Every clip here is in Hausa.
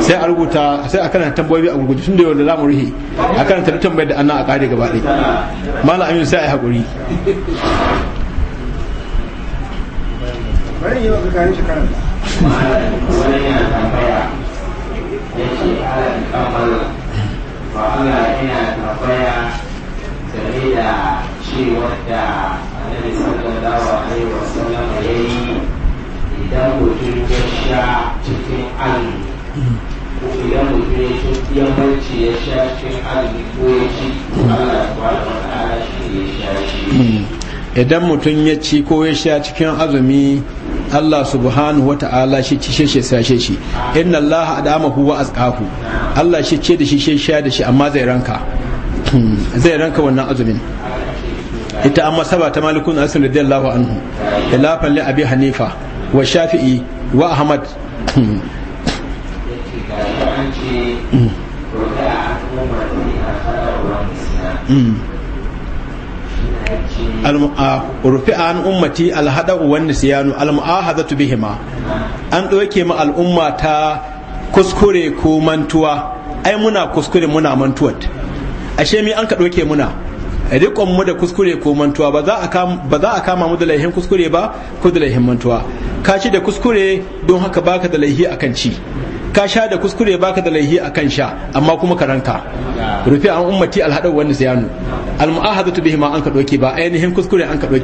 sai a rubuta sai a karanta tambayoyi a gurguje sun da yau da lamurihi a karanta duk tambayar da annan a kare gaba ɗaya malam amin sai a yi haƙuri ya barci ya sha ko ya ci hmm. idan mutum ya ci ko ya sha cikin azumi Allah subhanahu wa ta'ala shi ci shi sashe shi inna Allah adamahu wa azqahu Allah shi ce da shi shi sha da shi amma zai ranka hmm. zai ranka wannan azumin ita amma saba ta malikun asir radiyallahu anhu ilafan li abi hanifa wa shafi'i wa ahmad hmm. Mm. rufi an ummati alhada'u wan nisyanu almu'ahadatu bihima an ɗauke ma al'umma ta kuskure ko mantuwa ai muna kuskure muna mantuwat ashe mi an ka ɗauke muna rikon mu da kuskure ko mantuwa ba za a kama mu da laihin kuskure ba ko da laihin mantuwa ka ci da kuskure don haka baka da laihi akan ci ka sha da kuskure baka da laihi akan sha amma kuma ka ranka rufi an ummati alhadau wani ziyanu almu'ahadatu bihi ma an ka doke ba ainihin kuskure an ka ba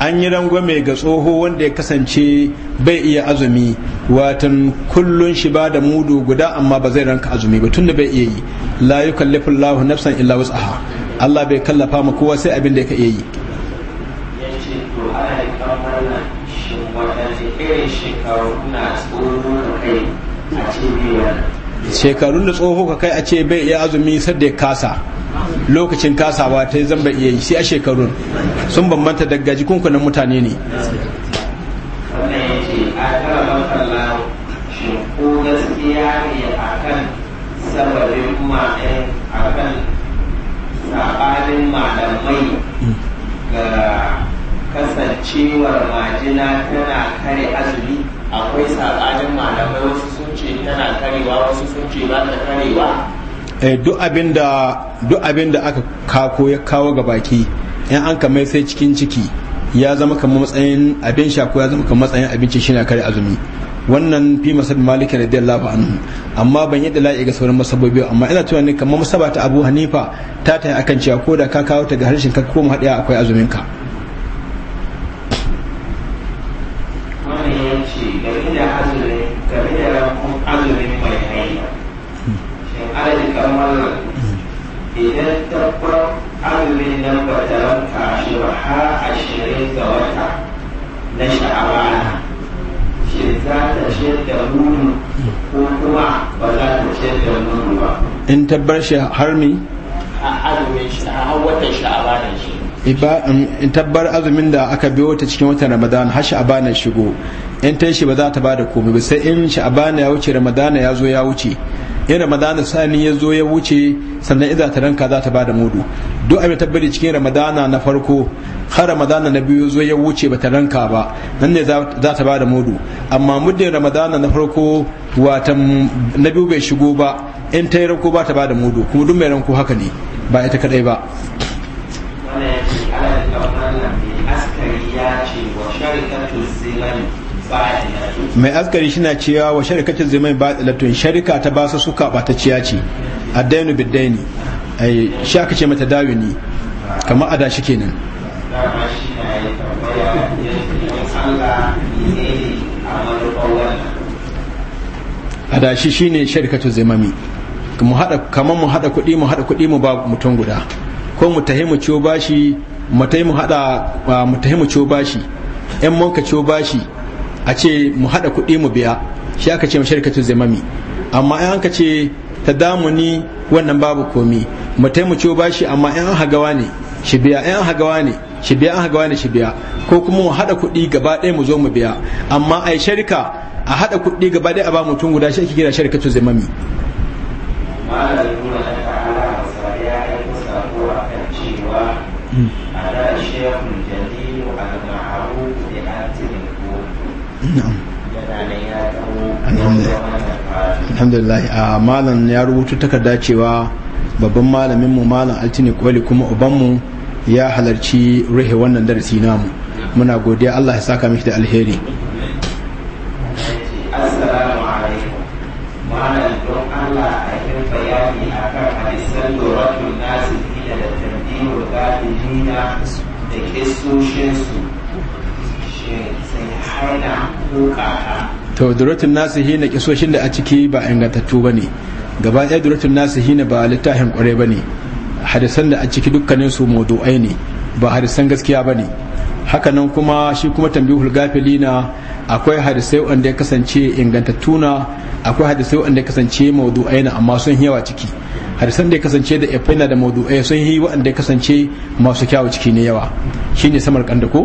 an yi rangwame ga tsoho wanda ya kasance bai iya azumi watan kullun shi ba da mudu guda amma ba zai ranka azumi ba tunda bai iya yi la yukallifu nafsan illa wus'aha Allah bai kallafa ma kowa sai abin da ya iya yi a shekarun da tsoho ka kai a ce bai iya azumi sadda ya kasa lokacin kasawa ta zan bai iya yi sai a shekarun sun bambanta daga jikunku na mutane ne sababin ma'ayin akan sabanin malamai ga kasancewar majina tana kare azumi akwai sabanin karewa eh, abinda duk abin da aka kako ya kawo ga baki in an kamar sai cikin ciki ya zama kamar matsayin abin sha ko ya zama kamar matsayin abinci shi na kare azumi wannan fi masab maliki radiyallahu anhu amma ban yadda la'i ga sauran masabobi amma ina tunanin kamar masaba ta Abu Hanifa ta ta akan cewa ko da ka kawo ta ga harshen ka ko akwai azumin ka idan tabbar azumin nan ba ta ranka shi ba har ashirin ga wata na sha'abana shi za ta ciyar da nunu ko kuma ba za ta da nunu ba in tabbar shi har mi a azumin shi a shi in tabbar azumin da aka biyo ta cikin watan ramadan har sha'abana shigo in ta shi ba za ta ba da komai ba sai in sha'abana ya wuce ramadana ya zo ya wuce in ramadana sani ya zo ya wuce sannan idan ta ranka za ta ba da mudu duk abin tabbari cikin ramadana na farko har ramadana na biyu zo ya wuce ba ta ranka ba nan ne za ta ba da mudu amma muddin ramadana na farko watan na biyu bai shigo ba in ta yi ranko ba ta ba da mudu kuma duk mai ranko haka ne ba ita kadai ba mai askari na cewa wa sharikacin zimai ba tsilatun sharika ta basu suka ciya ce a biddaini ai shaka ce mata dawini kamar ada shi kenan adashi shine sharikatu zimami mu hada kamar mu hada kuɗi mu hada kuɗi mu ba mutum guda ko mu tahimu ciwo bashi mu tahimu hada mu tahimu ciwo bashi yan mun ka ciwo bashi a ce mu haɗa kuɗi mu biya shi aka ce masharkatu zamami amma in ka ce ta damu ni wannan babu komi mu mu ciwo bashi amma in an hagawa ne shi biya in an hagawa ne shi biya an hagawa ne shi biya ko kuma mu haɗa kuɗi gaba ɗaya mu zo mu biya amma ai shirka a haɗa kuɗi gaba ɗaya a ba mutum guda shi ake gina sharkatu zamami Mm. alhamdulillah alhamdulillah a malam ya rubutu takarda cewa babban malamin mu malam altini kwali kuma uban mu ya halarci rahe wannan darasi namu muna godiya Allah ya saka miki da alheri da kisoshinsu shi sai to duratun nasu hina kisoshin da a ciki ba ingantattu ba ne gaba ɗaya duratun nasu hina ba littafin kwarai ba ne hadisan da a ciki dukkanin su mawdu'ai ne ba hadisan gaskiya ba ne hakanan kuma shi kuma tambihul gafili na akwai hadisai wanda ya kasance ingantattu na akwai hadisai wanda ya kasance mawdu'ai na amma sun yawa ciki hadisan da ya kasance da ifaina da mawdu'ai sun yi wanda ya kasance masu kyawu ciki ne yawa shine samar kanda ko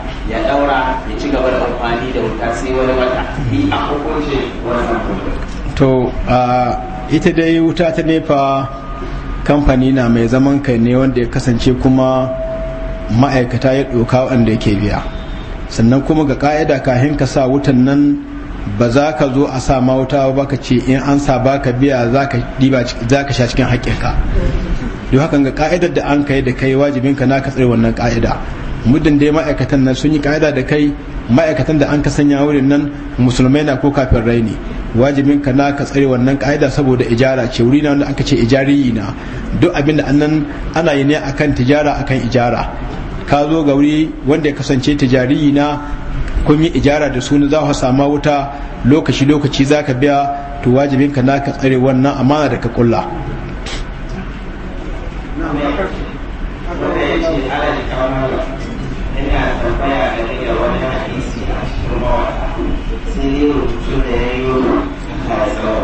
ya daura ya ci gaba da amfani da wuta sai wani wata bi a hukunci wannan to ita dai wuta ta nefa kamfani na mai zaman kai ne wanda ya kasance kuma ma'aikata ya doka wanda yake biya sannan kuma ga ka'ida kahin ka sa wutan nan ba za ka zo a sa ma wuta ba ka ce in an sa ba ka biya za ka sha cikin haƙƙinka don hakan ga ka'idar da an kai da kai wajibinka na ka tsare wannan ka'ida muddin dai ma'aikatan nan sun yi ka'ida da kai ma'aikatan da an ka sanya wurin nan musulmai na ko kafin rai ne wajibin ka na ka tsare wannan ka'ida saboda ijara ce wuri na wanda aka ce ijariyi na duk abin da annan ana yi ne akan tijara akan ijara ka zo ga wuri wanda ya kasance tijariyi na kun yi ijara da suna za ka sama wuta lokaci lokaci za ka biya to wajibin ka na ka tsare wannan amana da ka kulla Thank you. ina tambaya game da wani hadisi a cikin mawaka sai dai rubutu da ya yi kasawa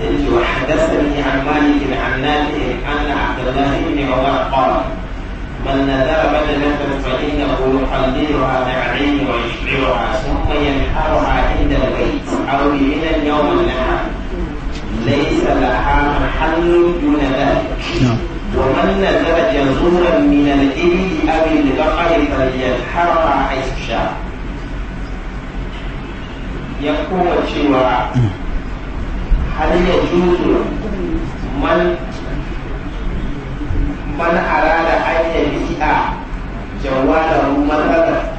dalili wa haddasani an malik an nafi an abdullah ibn umar qala من نذر بدنة فإنه يقللها بعين ويشعرها ثم ينحرها عند البيت أو من يوم النهار ليس لها محل دون ذلك. نعم. ومن نزل ينظر من الإبل أو البقر فليتحرى حيث شاء يقوم الشوارع هل يجوز من من أراد أن يبيع جواله مرة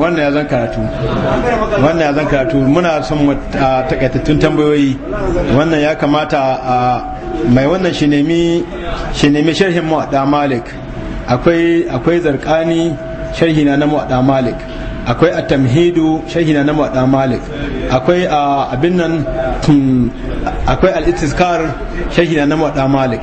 wannan ya zan karatu wannan ya zan karatu muna son takaitattun tambayoyi wannan ya kamata a mai wannan shi nemi sharhin mu'adda malik akwai zarkani sharhina na mu'adda malik akwai a tamhidu shahina na maɗa malik akwai a abin nan hmm, akwai al-istiskar shahina na maɗa malik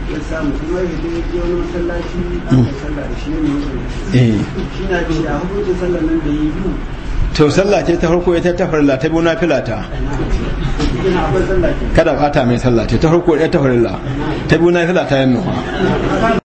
ta farko ita ta farilla ta biyu na filata kada fata mai sallah ce ta farko ita ta farilla ta biyu filata yan